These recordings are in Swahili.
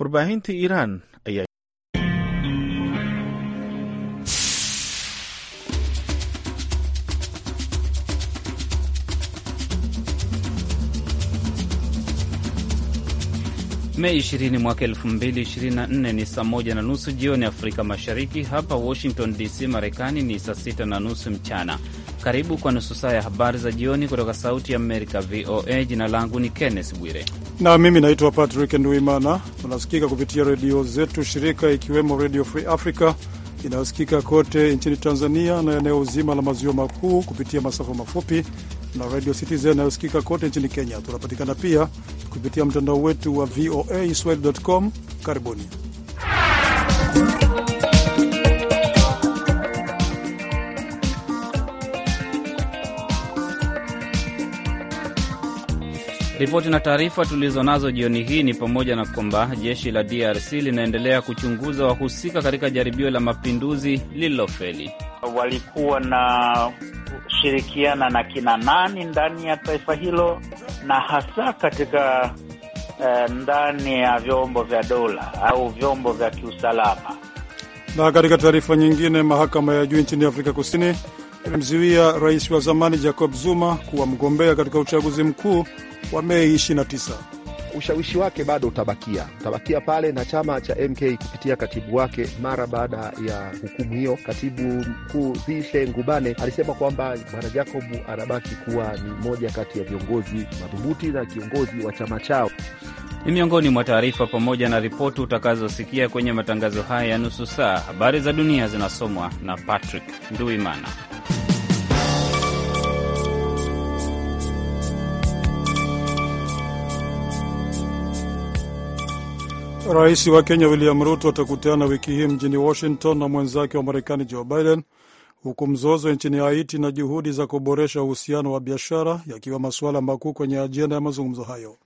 Warbaahinta Iran ayaa Mei 20 mwaka 2024 ni saa moja na nusu jioni Afrika Mashariki. Hapa Washington DC, Marekani ni saa sita na nusu mchana. Karibu kwa nusu saa ya habari za jioni kutoka Sauti ya Amerika, VOA. Jina langu ni Kenneth Bwire na mimi naitwa Patrick Nduimana. Tunasikika kupitia redio zetu shirika, ikiwemo Redio Free Africa inayosikika kote nchini Tanzania na eneo zima la maziwa makuu kupitia masafa mafupi na Radio Citizen inayosikika kote nchini Kenya. Tunapatikana pia kupitia mtandao wetu wa VOA Swahili.com. Karibuni. Ripoti na taarifa tulizonazo jioni hii ni pamoja na kwamba jeshi la DRC linaendelea kuchunguza wahusika katika jaribio la mapinduzi lililofeli. Walikuwa na shirikiana na kina nani ndani ya taifa hilo na hasa katika eh, ndani ya vyombo vya dola au vyombo vya kiusalama. Na katika taarifa nyingine, mahakama ya juu nchini Afrika Kusini imemzuia rais wa zamani Jacob Zuma kuwa mgombea katika uchaguzi mkuu wa Mei 29. Ushawishi wake bado utabakia, utabakia pale na chama cha MK kupitia katibu wake. Mara baada ya hukumu hiyo, katibu mkuu Vishe Ngubane alisema kwamba bwana Jacobu anabaki kuwa ni mmoja kati ya viongozi madhubuti na kiongozi wa chama chao. Ni miongoni mwa taarifa pamoja na ripoti utakazosikia kwenye matangazo haya ya nusu saa. Habari za dunia zinasomwa na Patrick Nduimana. Rais wa Kenya William Ruto atakutana wiki hii mjini Washington na mwenzake wa Marekani Joe Biden, huku mzozo nchini Haiti na juhudi za kuboresha uhusiano wa biashara yakiwa masuala makuu kwenye ajenda ya mazungumzo hayo.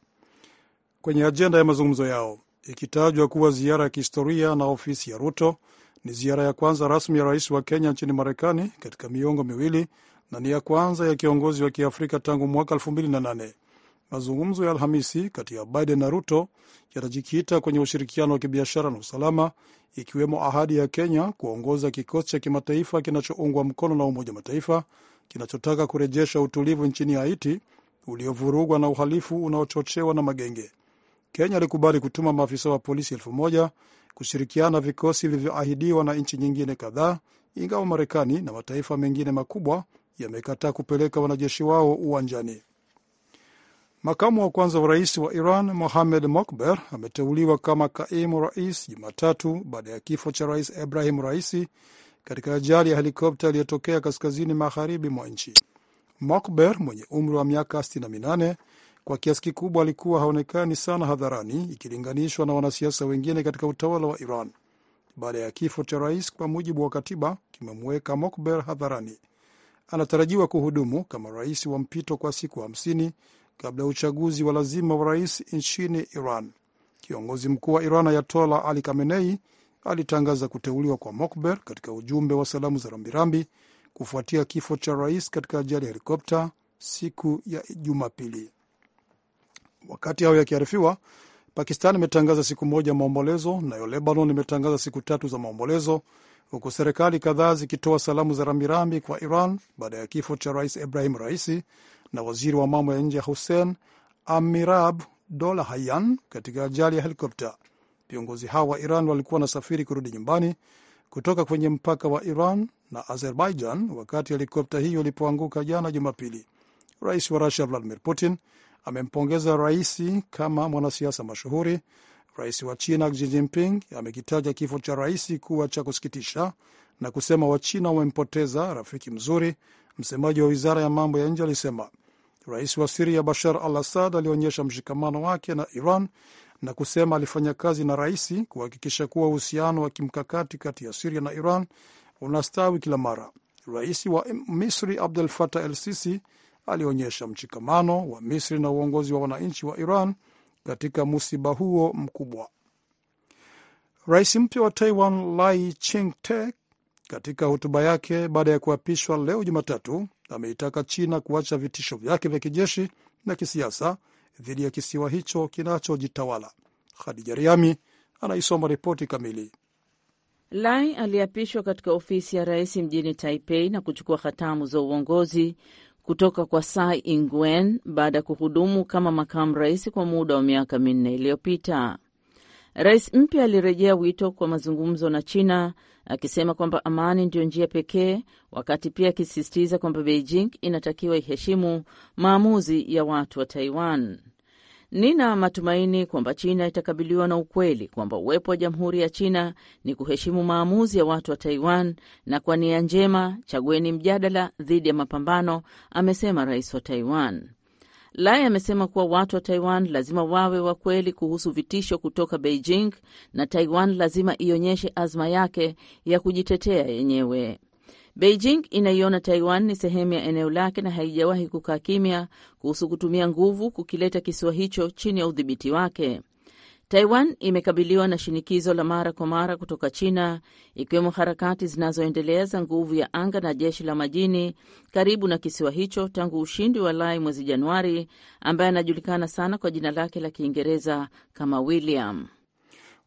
Kwenye ajenda ya mazungumzo yao ikitajwa kuwa ziara ya kihistoria na ofisi ya Ruto, ni ziara ya kwanza rasmi ya rais wa Kenya nchini Marekani katika miongo miwili na ni ya kwanza ya kiongozi wa Kiafrika tangu mwaka 2008. Mazungumzo ya Alhamisi kati ya Biden na Ruto yatajikita kwenye ushirikiano wa kibiashara na usalama, ikiwemo ahadi ya Kenya kuongoza kikosi cha kimataifa kinachoungwa mkono na Umoja wa Mataifa kinachotaka kurejesha utulivu nchini Haiti uliovurugwa na uhalifu unaochochewa na magenge. Kenya alikubali kutuma maafisa wa polisi elfu moja kushirikiana na vikosi vilivyoahidiwa na nchi nyingine kadhaa, ingawa Marekani na mataifa mengine makubwa yamekataa kupeleka wanajeshi wao uwanjani. Makamu wa kwanza wa rais wa Iran Mohamed Mokber ameteuliwa kama kaimu rais Jumatatu baada ya kifo cha rais Ibrahim Raisi katika ajali ya helikopta iliyotokea kaskazini magharibi mwa nchi. Mokber mwenye umri wa miaka 68 kwa kiasi kikubwa alikuwa haonekani sana hadharani ikilinganishwa na wanasiasa wengine katika utawala wa Iran. Baada ya kifo cha rais, kwa mujibu wa katiba, kimemweka Mokber hadharani. Anatarajiwa kuhudumu kama rais wa mpito kwa siku hamsini kabla ya uchaguzi wa lazima wa rais nchini Iran. Kiongozi mkuu wa Iran Ayatola Ali Khamenei alitangaza kuteuliwa kwa Mokber katika ujumbe wa salamu za rambirambi kufuatia kifo cha rais katika ajali ya helikopta siku ya Jumapili. Wakati hayo yakiarifiwa, Pakistan imetangaza siku moja maombolezo, nayo Lebanon imetangaza siku tatu za maombolezo, huku serikali kadhaa zikitoa salamu za rambirambi kwa Iran baada ya kifo cha rais Ibrahim Raisi na waziri wa mambo ya nje Hussein Amirab Dola Hayan katika ajali ya helikopta. Viongozi hao wa Iran walikuwa wanasafiri kurudi nyumbani kutoka kwenye mpaka wa Iran na Azerbaijan wakati helikopta hiyo ilipoanguka jana Jumapili. Rais wa Rusia Vladimir Putin amempongeza raisi kama mwanasiasa mashuhuri. Rais wa China Xi Jinping amekitaja kifo cha raisi kuwa cha kusikitisha na kusema Wachina wamempoteza rafiki mzuri. Msemaji wa wizara ya mambo ya nje alisema Rais wa Siria Bashar al Assad alionyesha mshikamano wake na Iran na kusema alifanya kazi na raisi kuhakikisha kuwa uhusiano wa kimkakati kati ya Siria na Iran unastawi kila mara. Rais wa Misri Abdel Fattah el Sisi alionyesha mshikamano wa Misri na uongozi wa wananchi wa Iran katika musiba huo mkubwa. Rais mpya wa Taiwan Lai Ching-te katika hotuba yake baada ya kuapishwa leo Jumatatu ameitaka China kuacha vitisho vyake vya kijeshi na kisiasa dhidi ya kisiwa hicho kinachojitawala. Khadija Riami anaisoma ripoti kamili. Lai aliapishwa katika ofisi ya rais mjini Taipei na kuchukua hatamu za uongozi kutoka kwa Tsai Ing-wen baada ya kuhudumu kama makamu rais kwa muda wa miaka minne iliyopita. Rais mpya alirejea wito kwa mazungumzo na China akisema kwamba amani ndiyo njia pekee, wakati pia akisisitiza kwamba Beijing inatakiwa iheshimu maamuzi ya watu wa Taiwan. Nina matumaini kwamba China itakabiliwa na ukweli kwamba uwepo wa Jamhuri ya China ni kuheshimu maamuzi ya watu wa Taiwan, na kwa nia njema, chagueni mjadala dhidi ya mapambano, amesema rais wa Taiwan. Lai amesema kuwa watu wa Taiwan lazima wawe wa kweli kuhusu vitisho kutoka Beijing na Taiwan lazima ionyeshe azma yake ya kujitetea yenyewe. Beijing inaiona Taiwan ni sehemu ya eneo lake na haijawahi kukaa kimya kuhusu kutumia nguvu kukileta kisiwa hicho chini ya udhibiti wake. Taiwan imekabiliwa na shinikizo la mara kwa mara kutoka China, ikiwemo harakati zinazoendelea za nguvu ya anga na jeshi la majini karibu na kisiwa hicho tangu ushindi wa Lai mwezi Januari, ambaye anajulikana sana kwa jina lake la Kiingereza kama William.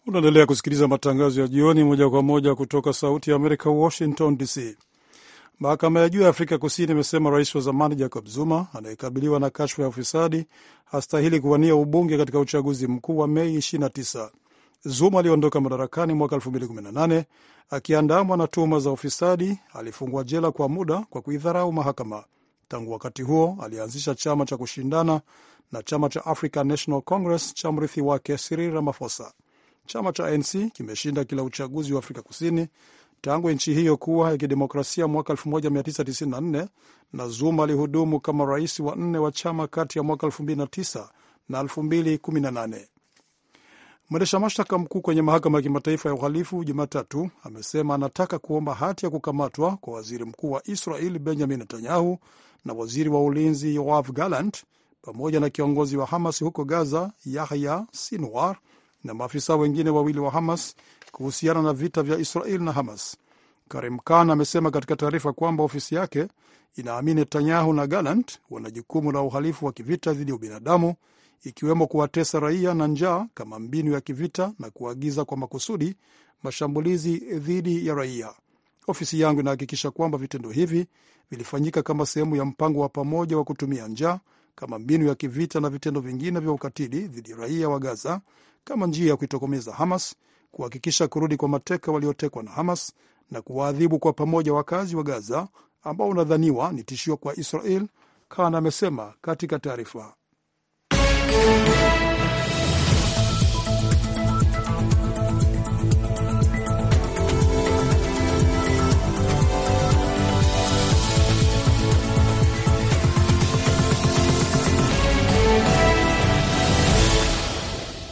Unaendelea kusikiliza matangazo ya jioni moja kwa moja kutoka Sauti ya Amerika, Washington DC. Mahakama ya juu ya Afrika Kusini imesema rais wa zamani Jacob Zuma anayekabiliwa na kashfa ya ufisadi hastahili kuwania ubunge katika uchaguzi mkuu wa Mei 29. Zuma aliondoka madarakani mwaka 2018 akiandamwa na tuhuma za ufisadi. Alifungwa jela kwa muda kwa kuidharau mahakama. Tangu wakati huo alianzisha chama cha kushindana na chama cha African National Congress cha mrithi wake Cyril Ramaphosa. Chama cha ANC kimeshinda kila uchaguzi wa Afrika Kusini tangu nchi hiyo kuwa ya kidemokrasia mwaka 1994 na Zuma alihudumu kama rais wa nne wa chama kati ya mwaka 2009 na 2018. Mwendesha mashtaka mkuu kwenye mahakama ya kimataifa ya uhalifu Jumatatu amesema anataka kuomba hati ya kukamatwa kwa waziri mkuu wa Israel Benjamin Netanyahu na waziri wa ulinzi Yoav Gallant pamoja na kiongozi wa Hamas huko Gaza Yahya Sinwar na maafisa wengine wawili wa Hamas kuhusiana na vita vya Israel na Hamas. Karim Khan amesema katika taarifa kwamba ofisi yake inaamini Netanyahu na Gallant wana jukumu la uhalifu wa kivita dhidi ya ubinadamu, ikiwemo kuwatesa raia na njaa kama mbinu ya kivita na kuagiza kwa makusudi mashambulizi dhidi ya raia. Ofisi yangu inahakikisha kwamba vitendo hivi vilifanyika kama sehemu ya mpango wa pamoja wa kutumia njaa kama mbinu ya kivita na vitendo vingine vya ukatili dhidi ya raia wa Gaza kama njia ya kuitokomeza Hamas kuhakikisha kurudi kwa mateka waliotekwa na Hamas na kuwaadhibu kwa pamoja wakazi wa Gaza ambao unadhaniwa ni tishio kwa Israel, Khan amesema katika taarifa.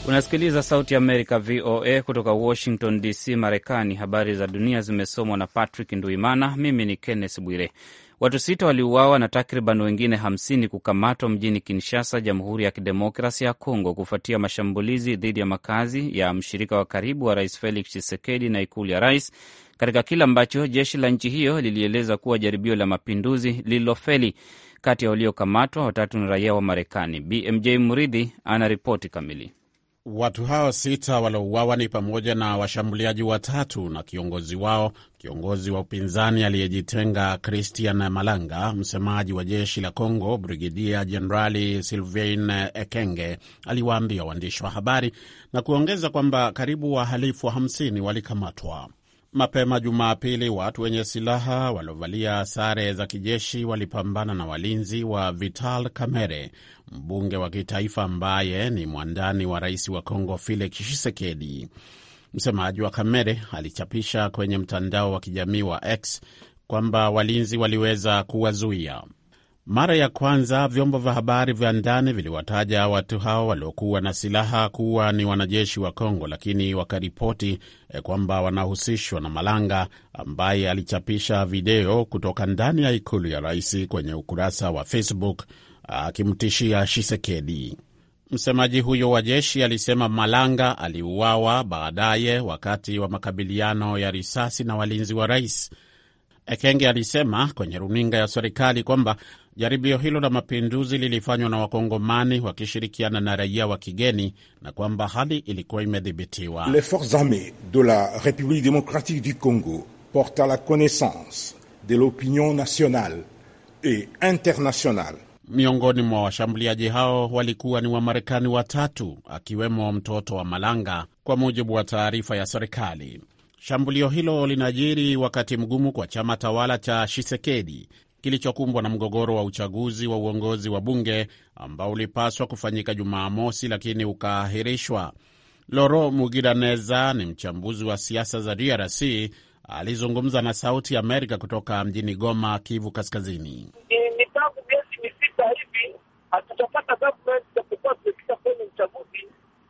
Unasikiliza Sauti ya Amerika, VOA, kutoka Washington DC, Marekani. Habari za dunia zimesomwa na Patrick Nduimana. Mimi ni Kenneth Bwire. Watu sita waliuawa na takriban wengine 50 kukamatwa mjini Kinshasa, Jamhuri ya kidemokrasi ya Kongo, kufuatia mashambulizi dhidi ya makazi ya mshirika wa karibu wa Rais Felix Tshisekedi na ikulu ya rais, katika kile ambacho jeshi la nchi hiyo lilieleza kuwa jaribio la mapinduzi lililofeli. Kati ya waliokamatwa watatu ni raia wa Marekani. BMJ Muridhi ana ripoti kamili. Watu hao sita waliouawa ni pamoja na washambuliaji watatu na kiongozi wao, kiongozi wa upinzani aliyejitenga Christian Malanga. Msemaji wa jeshi la congo Brigedia Jenerali Sylvain Ekenge, aliwaambia waandishi wa habari na kuongeza kwamba karibu wahalifu 50 walikamatwa. Mapema Jumapili, watu wenye silaha waliovalia sare za kijeshi walipambana na walinzi wa Vital Kamerhe, mbunge wa kitaifa ambaye ni mwandani wa rais wa Kongo Felix Tshisekedi. Msemaji wa Kamerhe alichapisha kwenye mtandao wa kijamii wa X kwamba walinzi waliweza kuwazuia. Mara ya kwanza vyombo vya habari vya ndani viliwataja watu hao waliokuwa na silaha kuwa ni wanajeshi wa Kongo, lakini wakaripoti eh, kwamba wanahusishwa na Malanga ambaye alichapisha video kutoka ndani ya ikulu ya rais kwenye ukurasa wa Facebook akimtishia Shisekedi. Msemaji huyo wa jeshi alisema Malanga aliuawa baadaye wakati wa makabiliano ya risasi na walinzi wa rais. Ekenge alisema kwenye runinga ya serikali kwamba jaribio hilo la mapinduzi lilifanywa na Wakongomani wakishirikiana na raia wa kigeni na kwamba hali ilikuwa imedhibitiwa. Les forces armees de la République démocratique du Congo portent à la connaissance de l'opinion nationale et internationale Miongoni mwa washambuliaji hao walikuwa ni Wamarekani watatu akiwemo mtoto wa Malanga, kwa mujibu wa taarifa ya serikali. Shambulio hilo linajiri wakati mgumu kwa chama tawala cha Shisekedi kilichokumbwa na mgogoro wa uchaguzi wa uongozi wa bunge ambao ulipaswa kufanyika Jumamosi lakini ukaahirishwa. Loro Mugiraneza ni mchambuzi wa siasa za DRC. Alizungumza na Sauti ya Amerika kutoka mjini Goma, Kivu Kaskazini. Ni tangu miezi misita hivi hatujapata government, japokuwa tumefika kwenye uchaguzi,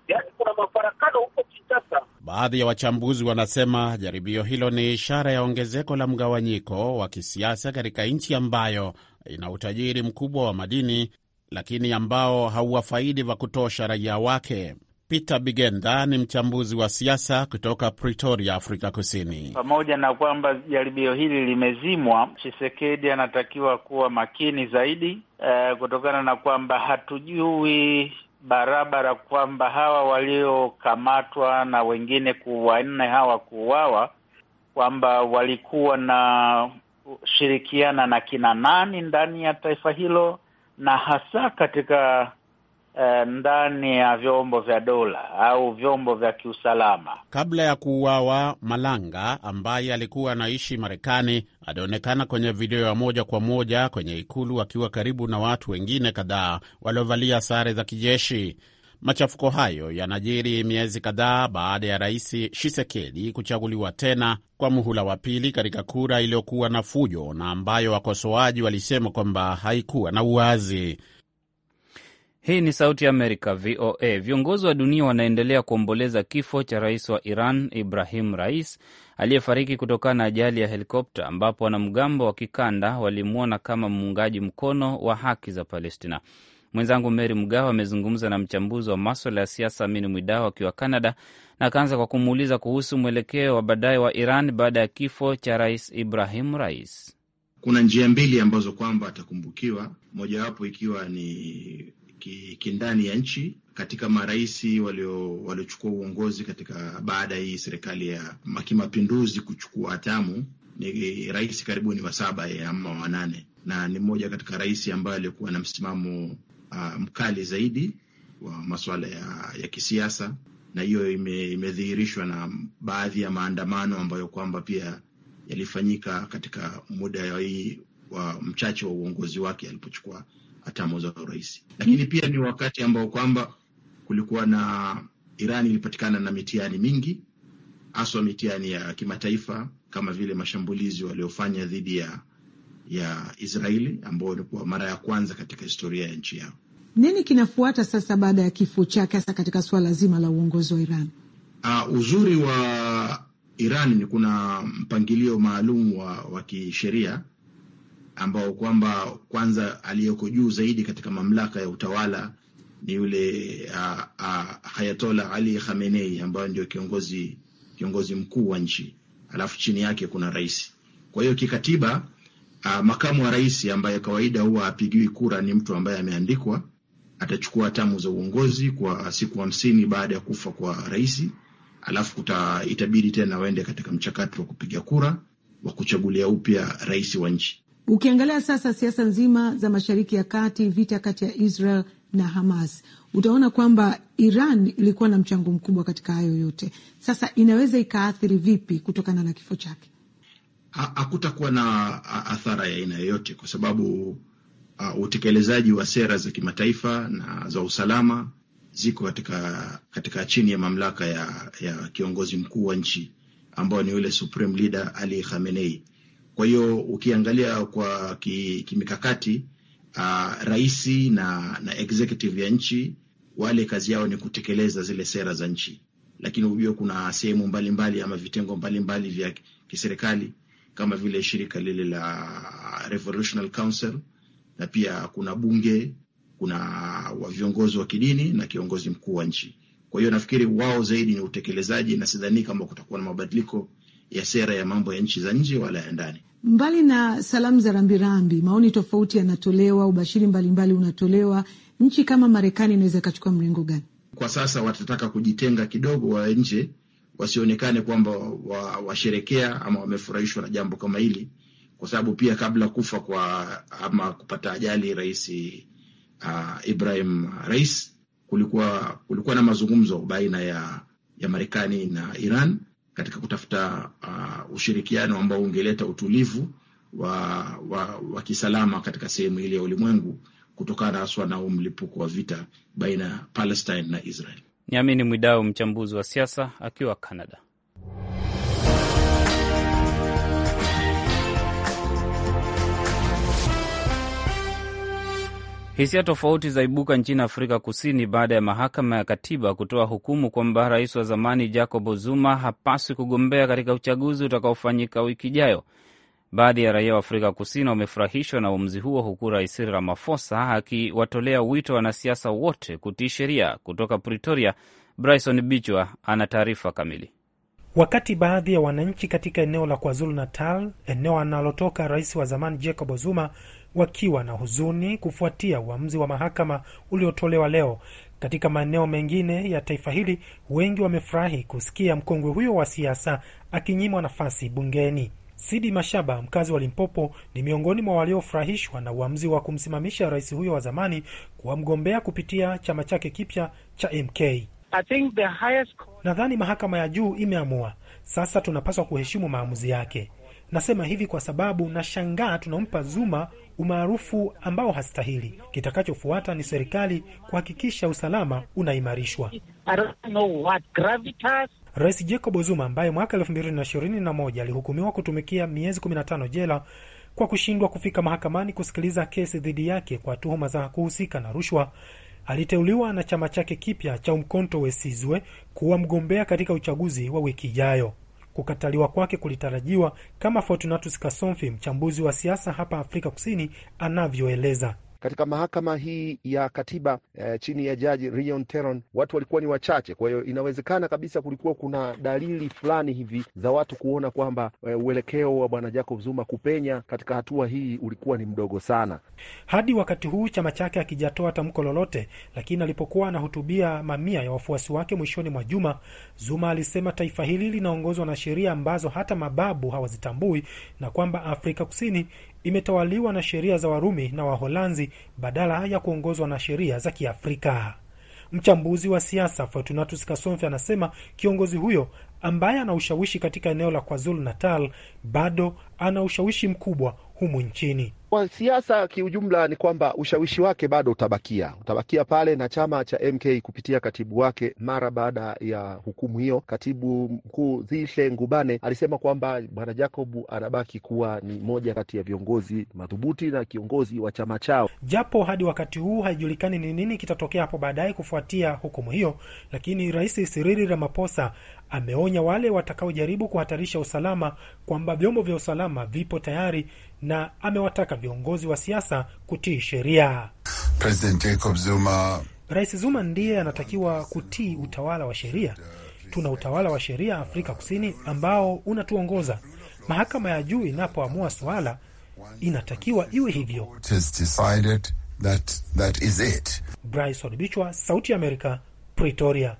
yaani kuna mafarakano huko Kinshasa Baadhi ya wachambuzi wanasema jaribio hilo ni ishara ya ongezeko la mgawanyiko wa kisiasa katika nchi ambayo ina utajiri mkubwa wa madini lakini ambao hauwafaidi vya kutosha raia wake. Peter Bigenda ni mchambuzi wa siasa kutoka Pretoria, Afrika Kusini. Pamoja na kwamba jaribio hili limezimwa, chisekedi anatakiwa kuwa makini zaidi, uh, kutokana na kwamba hatujui barabara kwamba hawa waliokamatwa na wengine kuwanne hawa kuuawa kwamba walikuwa na shirikiana na kina nani ndani ya taifa hilo na hasa katika eh, ndani ya vyombo vya dola au vyombo vya kiusalama. Kabla ya kuuawa, Malanga ambaye alikuwa anaishi Marekani alionekana kwenye video ya moja kwa moja kwenye ikulu akiwa karibu na watu wengine kadhaa waliovalia sare za kijeshi. Machafuko hayo yanajiri miezi kadhaa baada ya rais Shisekedi kuchaguliwa tena kwa muhula wa pili katika kura iliyokuwa na fujo na ambayo wakosoaji walisema kwamba haikuwa na uwazi. Hii ni Sauti ya Amerika, VOA. Viongozi wa dunia wanaendelea kuomboleza kifo cha rais wa Iran Ibrahim Rais aliyefariki kutokana na ajali ya helikopta, ambapo wanamgambo wa kikanda walimwona kama muungaji mkono wa haki za Palestina. Mwenzangu mery Mgawa amezungumza na mchambuzi wa maswala ya siasa Amini mwidao akiwa Canada, na akaanza kwa kumuuliza kuhusu mwelekeo wa baadaye wa Iran baada ya kifo cha Rais Ibrahim Rais. Kuna njia mbili ambazo kwamba atakumbukiwa, mojawapo ikiwa ni kindani ya nchi katika marais waliochukua uongozi katika baada ya hii serikali ya kimapinduzi kuchukua hatamu ni rais karibu ni wa saba ama wa nane, na ni mmoja katika rais ambaye alikuwa na msimamo uh, mkali zaidi wa masuala ya, ya kisiasa, na hiyo ime, imedhihirishwa na baadhi ya maandamano ambayo kwamba pia yalifanyika katika muda wa hii wa mchache wa uongozi wake alipochukua hatamu za urais. Lakini pia ni wakati ambao kwamba kulikuwa na Irani ilipatikana na mitihani mingi, haswa mitihani ya kimataifa kama vile mashambulizi waliofanya dhidi ya ya Israeli ambayo ni kwa mara ya kwanza katika historia ya nchi yao. Nini kinafuata sasa baada ya kifo chake, hasa katika suala zima la uongozi wa Iran? Uh, uzuri wa Iran ni kuna mpangilio maalum wa, wa kisheria ambao kwamba kwanza aliyeko juu zaidi katika mamlaka ya utawala ni yule Hayatola Ali Khamenei ambayo ndio kiongozi kiongozi mkuu wa nchi, alafu chini yake kuna rais. Kwa hiyo kikatiba, a, makamu wa rais ambaye kawaida huwa apigiwi kura ni mtu ambaye ameandikwa, atachukua hatamu za uongozi kwa siku hamsini baada ya kufa kwa rais, alafu kuta, itabidi tena waende katika mchakato wa kupiga kura wa kuchagulia upya rais wa nchi. Ukiangalia sasa siasa nzima za Mashariki ya Kati, vita kati ya Israel na Hamas, utaona kwamba Iran ilikuwa na mchango mkubwa katika hayo yote. Sasa inaweza ikaathiri vipi kutokana na kifo chake? Hakutakuwa na athara ya aina yoyote kwa sababu uh, utekelezaji wa sera za kimataifa na za usalama ziko katika, katika chini ya mamlaka ya, ya kiongozi mkuu wa nchi ambayo ni yule Supreme Leader Ali Khamenei. Kwa hiyo ukiangalia kwa kimikakati Uh, raisi na, na executive ya nchi wale kazi yao ni kutekeleza zile sera za nchi, lakini hujua kuna sehemu mbalimbali ama vitengo mbalimbali vya kiserikali kama vile shirika lile la Revolutionary Council na pia kuna bunge, kuna wa viongozi wa kidini na kiongozi mkuu wa nchi. Kwa hiyo nafikiri wao zaidi ni utekelezaji, na sidhani kama kutakuwa na mabadiliko ya sera ya mambo ya nchi za nje wala ya ndani. Mbali na salamu za rambirambi, maoni tofauti yanatolewa, ubashiri mbalimbali mbali unatolewa. Nchi kama Marekani inaweza ikachukua mrengo gani? Kwa sasa watataka kujitenga kidogo, wa nje wasionekane kwamba washerekea wa ama wamefurahishwa na jambo kama hili, kwa sababu pia kabla kufa kwa ama kupata ajali rais uh, Ibrahim Rais kulikuwa kulikuwa na mazungumzo baina ya ya Marekani na Iran katika kutafuta uh, ushirikiano ambao ungeleta utulivu wa, wa, wa kisalama katika sehemu ile ya ulimwengu kutokana haswa na mlipuko wa vita baina ya Palestine na Israel. Niamini Mwidau, mchambuzi wa siasa akiwa Canada. Hisia tofauti zaibuka nchini Afrika Kusini baada ya mahakama ya katiba kutoa hukumu kwamba rais wa zamani Jacob Zuma hapaswi kugombea katika uchaguzi utakaofanyika wiki ijayo. Baadhi ya raia wa Afrika Kusini wamefurahishwa na uamuzi huo, huku Rais Ramaphosa akiwatolea wito wanasiasa wote kutii sheria. Kutoka Pretoria, Bryson Bichwa ana taarifa kamili. Wakati baadhi ya wananchi katika eneo la KwaZulu Natal, eneo analotoka rais wa zamani Jacob Zuma wakiwa na huzuni kufuatia uamuzi wa mahakama uliotolewa leo. Katika maeneo mengine ya taifa hili, wengi wamefurahi kusikia mkongwe huyo wa siasa akinyimwa nafasi bungeni. Sidi Mashaba, mkazi wa Limpopo, ni miongoni mwa waliofurahishwa na uamuzi wa kumsimamisha rais huyo wa zamani kuwa mgombea kupitia chama chake kipya cha MK. highest... nadhani mahakama ya juu imeamua, sasa tunapaswa kuheshimu maamuzi yake. Nasema hivi kwa sababu nashangaa tunampa Zuma umaarufu ambao hastahili. Kitakachofuata ni serikali kuhakikisha usalama unaimarishwa. Rais Jacob Zuma ambaye mwaka 2021 alihukumiwa kutumikia miezi 15 jela kwa kushindwa kufika mahakamani kusikiliza kesi dhidi yake kwa tuhuma za kuhusika na rushwa, aliteuliwa na chama chake kipya cha umkonto wesizwe kuwa mgombea katika uchaguzi wa wiki ijayo. Kukataliwa kwake kulitarajiwa kama Fortunatus Kasomfi, mchambuzi wa siasa hapa Afrika Kusini, anavyoeleza katika mahakama hii ya katiba eh, chini ya jaji Rion Teron watu walikuwa ni wachache. Kwa hiyo inawezekana kabisa kulikuwa kuna dalili fulani hivi za watu kuona kwamba eh, uelekeo wa bwana Jacob Zuma kupenya katika hatua hii ulikuwa ni mdogo sana. Hadi wakati huu chama chake hakijatoa tamko lolote, lakini alipokuwa anahutubia mamia ya wafuasi wake mwishoni mwa juma, Zuma alisema taifa hili linaongozwa na sheria ambazo hata mababu hawazitambui na kwamba Afrika Kusini imetawaliwa na sheria za Warumi na Waholanzi badala ya kuongozwa na sheria za Kiafrika. Mchambuzi wa siasa Fortunatus Kasomfe anasema kiongozi huyo ambaye ana ushawishi katika eneo la KwaZulu Natal bado ana ushawishi mkubwa humu nchini. Kwa siasa kiujumla, ni kwamba ushawishi wake bado utabakia, utabakia pale na chama cha MK kupitia katibu wake. Mara baada ya hukumu hiyo, katibu mkuu Zishe Ngubane alisema kwamba bwana Jacob anabaki kuwa ni moja kati ya viongozi madhubuti na kiongozi wa chama chao, japo hadi wakati huu haijulikani ni nini kitatokea hapo baadaye kufuatia hukumu hiyo. Lakini Rais Sirili Ramaphosa ameonya wale watakaojaribu kuhatarisha usalama kwamba vyombo vya usalama vipo tayari na amewataka viongozi wa siasa kutii sheria. President Jacob Zuma. Rais Zuma ndiye anatakiwa kutii utawala wa sheria. Tuna utawala wa sheria Afrika Kusini ambao unatuongoza. Mahakama ya juu inapoamua suala inatakiwa iwe hivyo. That, that is it. Sauti ya Amerika, Pretoria.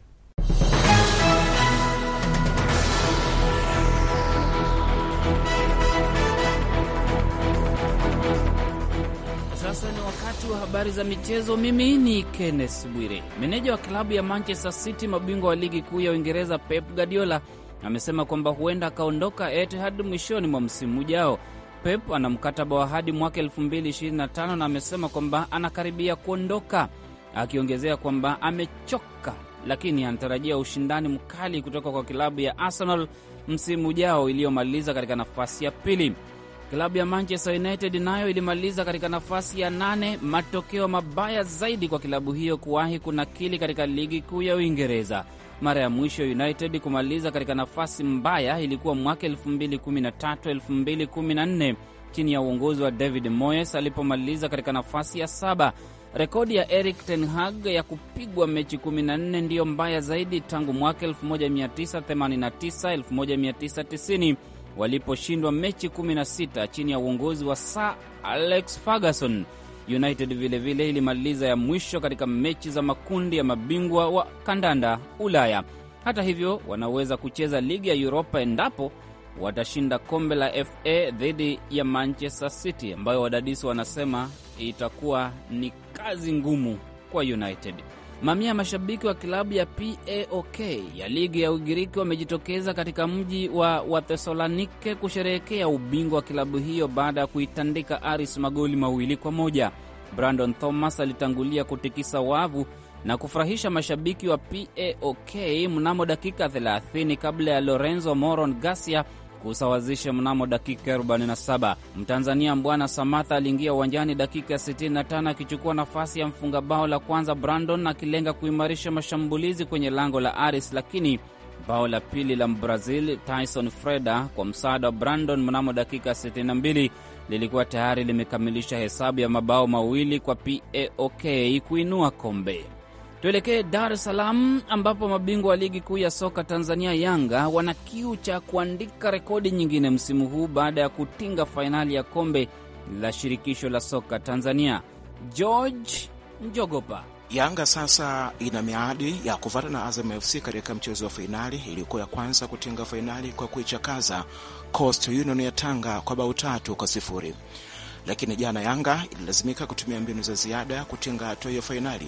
habari za michezo. Mimi ni Kenneth Bwire. Meneja wa klabu ya Manchester City, mabingwa wa ligi kuu ya Uingereza, Pep Guardiola amesema kwamba huenda akaondoka Etihad mwishoni mwa msimu ujao. Pep ana mkataba wa hadi mwaka 2025 na amesema kwamba anakaribia kuondoka, akiongezea kwamba amechoka, lakini anatarajia ushindani mkali kutoka kwa klabu ya Arsenal msimu ujao, iliyomaliza katika nafasi ya pili. Klabu ya Manchester United nayo ilimaliza katika nafasi ya nane, matokeo mabaya zaidi kwa klabu hiyo kuwahi kunakili katika ligi kuu ya Uingereza. Mara ya mwisho United kumaliza katika nafasi mbaya ilikuwa mwaka 2013 2014 chini ya uongozi wa David Moyes alipomaliza katika nafasi ya saba. Rekodi ya eric ten Hag ya kupigwa mechi 14 ndiyo mbaya zaidi tangu mwaka 1989 1990 waliposhindwa mechi 16 chini ya uongozi wa Sir Alex Ferguson. United vilevile ilimaliza ya mwisho katika mechi za makundi ya mabingwa wa kandanda Ulaya. Hata hivyo, wanaweza kucheza ligi ya Uropa endapo watashinda kombe la FA dhidi ya Manchester City ambayo wadadisi wanasema itakuwa ni kazi ngumu kwa United. Mamia ya mashabiki wa klabu ya PAOK ya ligi ya Ugiriki wamejitokeza katika mji wa Wathesalonike kusherehekea ubingwa wa klabu hiyo baada ya kuitandika Aris magoli mawili kwa moja. Brandon Thomas alitangulia kutikisa wavu na kufurahisha mashabiki wa PAOK mnamo dakika 30 kabla ya Lorenzo Moron Garcia kusawazisha mnamo dakika 47. Mtanzania Mbwana Samatha aliingia uwanjani dakika ya 65 akichukua nafasi ya mfunga bao la kwanza Brandon akilenga kuimarisha mashambulizi kwenye lango la Aris, lakini bao la pili la Mbrazil Tyson Freda kwa msaada wa Brandon mnamo dakika 62 lilikuwa tayari limekamilisha hesabu ya mabao mawili kwa PAOK kuinua kombe. Tuelekee Dar es Salaam ambapo mabingwa wa ligi kuu ya soka Tanzania Yanga wana kiu cha kuandika rekodi nyingine msimu huu baada ya kutinga fainali ya kombe la shirikisho la soka Tanzania. George Njogopa. Yanga sasa ina miadi ya kuvana na Azam FC katika mchezo wa fainali iliyokuwa ya kwanza kutinga fainali kwa kuichakaza Coast Union ya Tanga kwa bao tatu kwa sifuri lakini jana Yanga ililazimika kutumia mbinu za ziada kutinga hatua hiyo fainali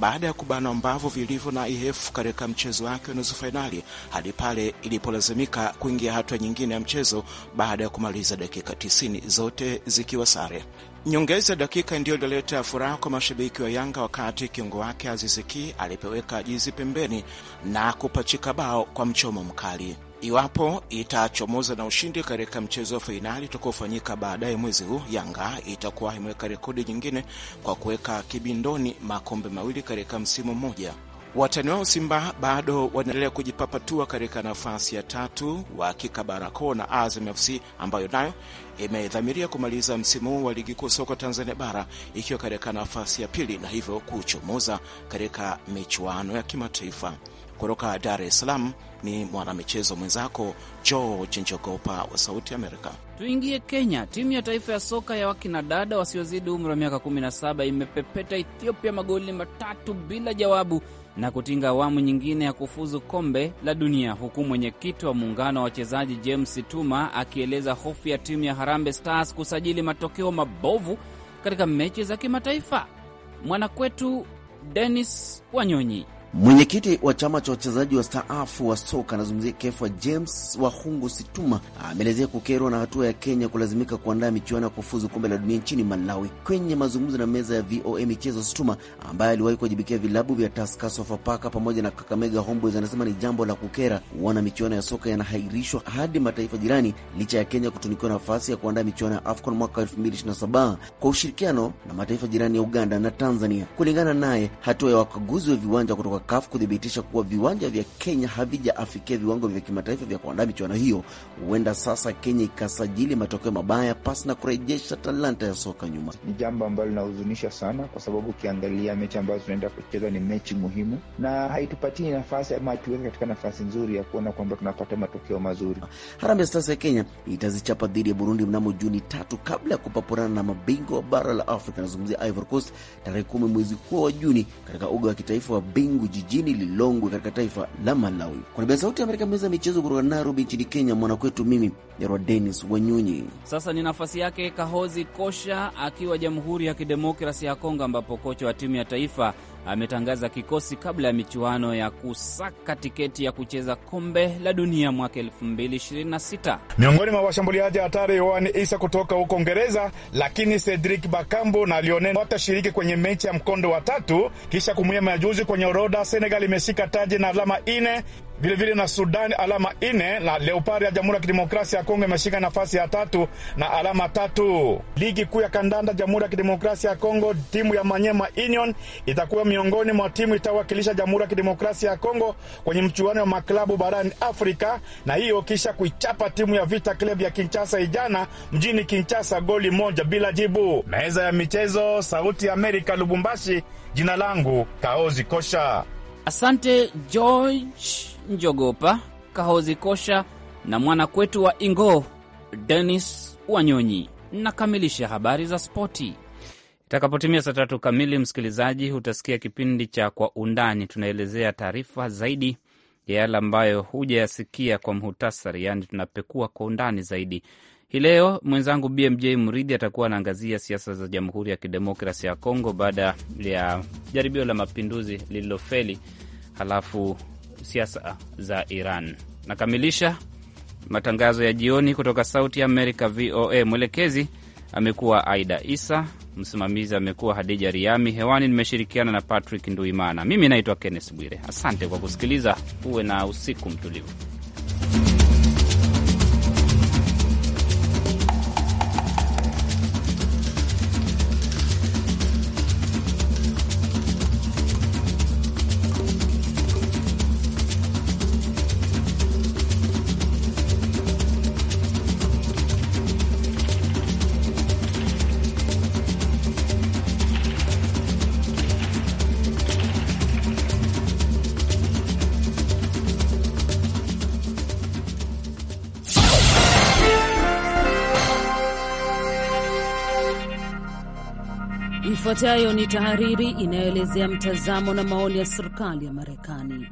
baada ya kubanwa mbavu vilivyo na IF katika mchezo wake wa nusu fainali hadi pale ilipolazimika kuingia hatua nyingine ya mchezo baada ya kumaliza dakika 90 zote zikiwa sare. Nyongeza ya dakika ndiyo ilioleta furaha kwa mashabiki wa Yanga wakati kiungo wake Aziziki alipoweka jizi pembeni na kupachika bao kwa mchomo mkali iwapo itachomoza na ushindi katika mchezo wa fainali utakaofanyika baadaye mwezi huu, Yanga itakuwa imeweka rekodi nyingine kwa kuweka kibindoni makombe mawili katika msimu mmoja. Watani wao Simba bado wanaendelea kujipapatua katika nafasi ya tatu, wakika Barako na Azam FC ambayo nayo imedhamiria kumaliza msimu huu wa ligi kuu soka Tanzania bara ikiwa katika nafasi ya pili na hivyo kuchomoza katika michuano ya kimataifa. Kutoka Dar es Salaam, ni mwanamichezo mwenzako George Njogopa wa Sauti Amerika. Tuingie Kenya. Timu ya taifa ya soka ya wakina dada wasiozidi umri wa miaka 17 imepepeta Ethiopia magoli matatu bila jawabu na kutinga awamu nyingine ya kufuzu kombe la dunia, huku mwenyekiti wa muungano wa wachezaji James Tuma akieleza hofu ya timu ya Harambee Stars kusajili matokeo mabovu katika mechi za kimataifa. Mwanakwetu Dennis Wanyonyi Mwenyekiti wa chama cha wachezaji staafu wa soka anazungumzia KEFA, James Wahungu Situma ameelezea kukerwa na hatua ya Kenya kulazimika kuandaa michuano ya kufuzu kombe la dunia nchini Malawi. Kwenye mazungumzo na meza ya VOA Michezo, Situma ambaye aliwahi kuwajibikia vilabu vya Tusker, Sofapaka pamoja na Kakamega Homeboyz anasema ni jambo la kukera kuona michuano ya soka yanahairishwa hadi mataifa jirani, licha ya Kenya kutunikiwa nafasi ya kuandaa michuano ya AFCON mwaka 2027 kwa ushirikiano na mataifa jirani ya Uganda na Tanzania. Kulingana naye, hatua ya wakaguzi wa viwanja kutoka CAF kuthibitisha kuwa viwanja vya Kenya havijaafikia viwango vya kimataifa vya kuandaa michuano hiyo, huenda sasa Kenya ikasajili matokeo mabaya pasi na kurejesha talanta ya soka nyuma. Ni jambo ambalo linahuzunisha sana, kwa sababu ukiangalia mechi ambazo tunaenda kucheza ni mechi muhimu, na haitupatii nafasi ama hatuwezi katika nafasi nzuri ya kuona kwamba tunapata matokeo mazuri. Harambee Stars ya Kenya itazichapa dhidi ya Burundi mnamo Juni tatu kabla ya kupapurana na mabingwa wa bara la Afrika, nazungumzia Ivory Coast, tarehe kumi mwezi huo wa Juni katika uga wa kitaifa wa Bingu Ikulu jijini Lilongwe katika taifa la Malawi. Kwa niaba ya Sauti ya Amerika, meza ya michezo kutoka Nairobi nchini Kenya, mwanakwetu mimi Yarwa Denis Wanyunyi. Sasa ni nafasi yake Kahozi Kosha akiwa Jamhuri ya Kidemokrasi ya Kongo, ambapo kocha wa timu ya taifa ametangaza kikosi kabla ya michuano ya kusaka tiketi ya kucheza kombe la dunia mwaka 226 Miongoni mwa washambuliaji hatari Yohane Isa kutoka huko ungereza lakini Cedric Bakambu na Lionel watashiriki kwenye mechi ya mkondo wa tatu kisha kumwia majuzi kwenye orodha. Senegal imeshika taji na alama ine vilevile na Sudani alama ine na Leopari ya Jamhuri ya Kidemokrasia ya Kongo imeshika nafasi ya tatu na alama tatu. Ligi kuu ya kandanda Jamhuri ya Kidemokrasia ya Kongo, timu ya Manyema Union itakuwa miongoni mwa timu itawakilisha Jamhuri ya Kidemokrasia ya Kongo kwenye mchuano wa maklabu barani Afrika, na hiyo kisha kuichapa timu ya Vita Club ya Kinshasa ijana mjini Kinshasa goli moja bila jibu. Meza ya michezo, Sauti ya Amerika, Lubumbashi. Jina langu Kaozi Kosha. Asante George Njogopa Kahozi Kosha na mwanakwetu wa Ingo Denis Wanyonyi. Nakamilisha habari za spoti. Itakapotimia saa tatu kamili, msikilizaji, utasikia kipindi cha Kwa Undani. Tunaelezea taarifa zaidi ya yale ambayo hujayasikia kwa mhutasari, yaani tunapekua kwa undani zaidi. Hii leo mwenzangu BMJ Mridhi atakuwa anaangazia siasa za Jamhuri ya Kidemokrasi ya Kongo baada ya jaribio la mapinduzi lililofeli, halafu siasa za Iran. Nakamilisha matangazo ya jioni kutoka Sauti Amerika, VOA. Mwelekezi amekuwa Aida Isa, msimamizi amekuwa Hadija Riami. Hewani nimeshirikiana na Patrick Nduimana. Mimi naitwa Kenneth Bwire. Asante kwa kusikiliza, uwe na usiku mtulivu. Ifuatayo ni tahariri inayoelezea mtazamo na maoni ya serikali ya Marekani.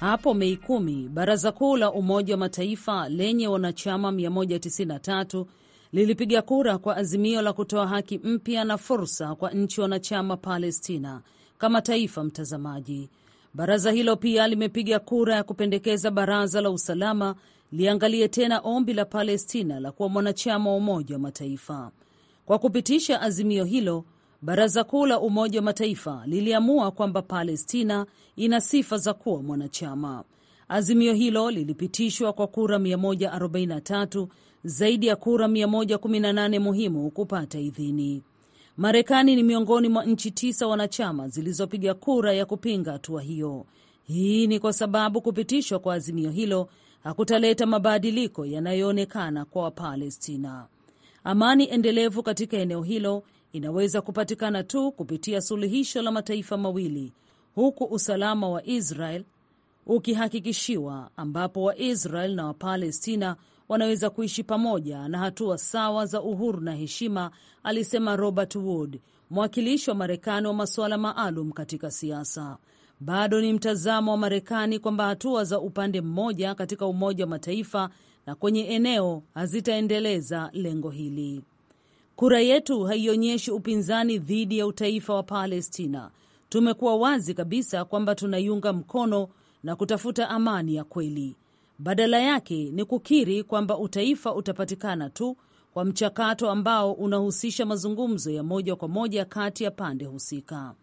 Hapo Mei kumi, Baraza Kuu la Umoja wa Mataifa lenye wanachama 193 lilipiga kura kwa azimio la kutoa haki mpya na fursa kwa nchi wanachama Palestina kama taifa mtazamaji. Baraza hilo pia limepiga kura ya kupendekeza Baraza la Usalama liangalie tena ombi la Palestina la kuwa mwanachama wa Umoja wa Mataifa. Kwa kupitisha azimio hilo, Baraza Kuu la Umoja wa Mataifa liliamua kwamba Palestina ina sifa za kuwa mwanachama. Azimio hilo lilipitishwa kwa kura 143 zaidi ya kura 118 muhimu kupata idhini. Marekani ni miongoni mwa nchi tisa wanachama zilizopiga kura ya kupinga hatua hiyo. Hii ni kwa sababu kupitishwa kwa azimio hilo hakutaleta mabadiliko yanayoonekana kwa Wapalestina. Amani endelevu katika eneo hilo inaweza kupatikana tu kupitia suluhisho la mataifa mawili, huku usalama wa Israel ukihakikishiwa, ambapo Waisrael na Wapalestina wanaweza kuishi pamoja na hatua sawa za uhuru na heshima, alisema Robert Wood, mwakilishi wa Marekani wa masuala maalum katika siasa. Bado ni mtazamo wa Marekani kwamba hatua za upande mmoja katika Umoja wa Mataifa na kwenye eneo hazitaendeleza lengo hili. Kura yetu haionyeshi upinzani dhidi ya utaifa wa Palestina. Tumekuwa wazi kabisa kwamba tunaiunga mkono na kutafuta amani ya kweli. Badala yake ni kukiri kwamba utaifa utapatikana tu kwa mchakato ambao unahusisha mazungumzo ya moja kwa moja kati ya pande husika.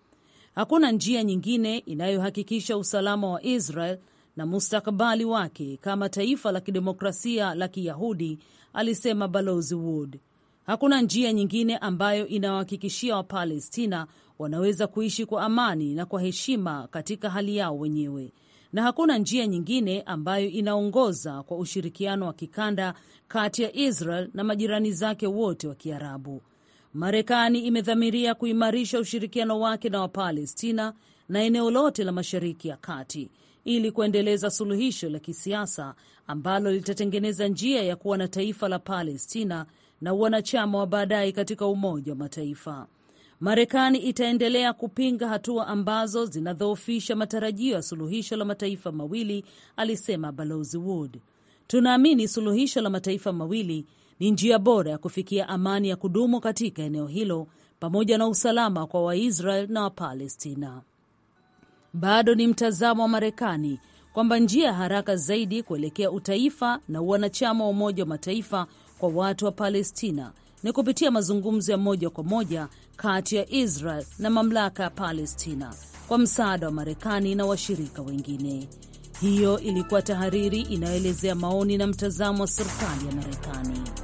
Hakuna njia nyingine inayohakikisha usalama wa Israel na mustakabali wake kama taifa la kidemokrasia la Kiyahudi, alisema Balozi Wood. Hakuna njia nyingine ambayo inawahakikishia Wapalestina wanaweza kuishi kwa amani na kwa heshima katika hali yao wenyewe, na hakuna njia nyingine ambayo inaongoza kwa ushirikiano wa kikanda kati ya Israel na majirani zake wote wa Kiarabu. Marekani imedhamiria kuimarisha ushirikiano wake na Wapalestina na eneo lote la Mashariki ya Kati ili kuendeleza suluhisho la kisiasa ambalo litatengeneza njia ya kuwa na taifa la Palestina na wanachama wa baadaye katika Umoja wa Mataifa. Marekani itaendelea kupinga hatua ambazo zinadhoofisha matarajio ya suluhisho la mataifa mawili, alisema Balozi Wood. Tunaamini suluhisho la mataifa mawili ni njia bora ya kufikia amani ya kudumu katika eneo hilo pamoja na usalama kwa Waisrael na Wapalestina. Bado ni mtazamo wa Marekani kwamba njia ya haraka zaidi kuelekea utaifa na uwanachama wa Umoja wa Mataifa kwa watu wa Palestina ni kupitia mazungumzo ya moja kwa moja kati ya Israel na mamlaka ya Palestina kwa msaada wa Marekani na washirika wengine. Hiyo ilikuwa tahariri inayoelezea maoni na mtazamo wa serikali ya Marekani.